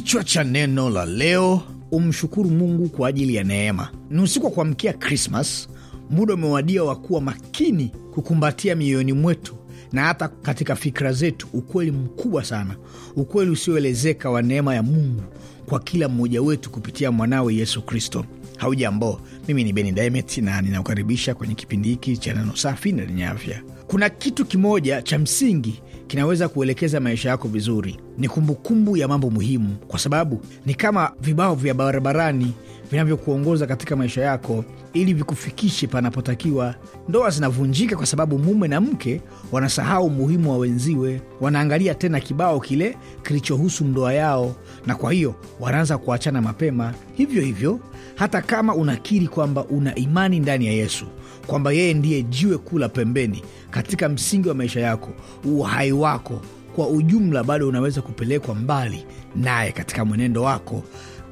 Kichwa cha neno la leo: umshukuru Mungu kwa ajili ya neema. Ni usiku wa kuamkia Krismas, muda umewadia wa kuwa makini, kukumbatia mioyoni mwetu na hata katika fikra zetu ukweli mkubwa sana, ukweli usioelezeka wa neema ya Mungu kwa kila mmoja wetu kupitia mwanawe Yesu Kristo. Haujambo, mimi ni Beni Dimet na ninakukaribisha kwenye kipindi hiki cha neno safi na lenye afya. Kuna kitu kimoja cha msingi kinaweza kuelekeza maisha yako vizuri, ni kumbukumbu ya mambo muhimu, kwa sababu ni kama vibao vya barabarani vinavyokuongoza katika maisha yako ili vikufikishe panapotakiwa. Ndoa zinavunjika kwa sababu mume na mke wanasahau umuhimu wa wenziwe, wanaangalia tena kibao kile kilichohusu ndoa yao, na kwa hiyo wanaanza kuachana mapema. Hivyo hivyo, hata kama unakiri kwamba una imani ndani ya Yesu kwamba yeye ndiye jiwe kuu la pembeni katika msingi wa maisha yako, uhai wako kwa ujumla, bado unaweza kupelekwa mbali naye katika mwenendo wako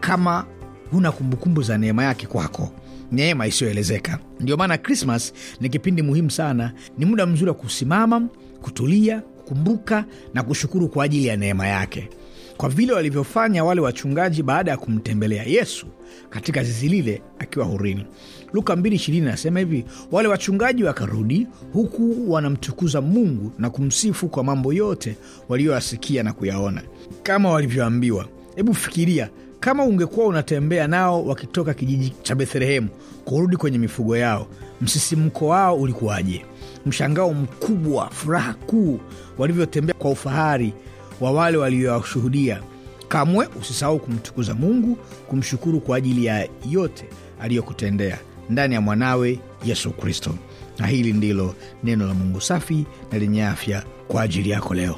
kama huna kumbukumbu za neema yake kwako, neema isiyoelezeka. Ndio maana Krismas ni kipindi muhimu sana, ni muda mzuri wa kusimama, kutulia, kukumbuka na kushukuru kwa ajili ya neema yake, kwa vile walivyofanya wale wachungaji baada ya kumtembelea Yesu katika zizi lile akiwa hurini. Luka 2:20 nasema hivi, wale wachungaji wakarudi huku wanamtukuza Mungu na kumsifu kwa mambo yote walioyasikia na kuyaona kama walivyoambiwa. Hebu fikiria kama ungekuwa unatembea nao wakitoka kijiji cha Bethlehemu kurudi kwenye mifugo yao, msisimko wao ulikuwaje? Mshangao mkubwa, furaha kuu walivyotembea kwa ufahari wa wale waliowashuhudia. Kamwe usisahau kumtukuza Mungu, kumshukuru kwa ajili ya yote aliyokutendea ndani ya mwanawe Yesu Kristo. Na hili ndilo neno la Mungu safi na lenye afya kwa ajili yako leo.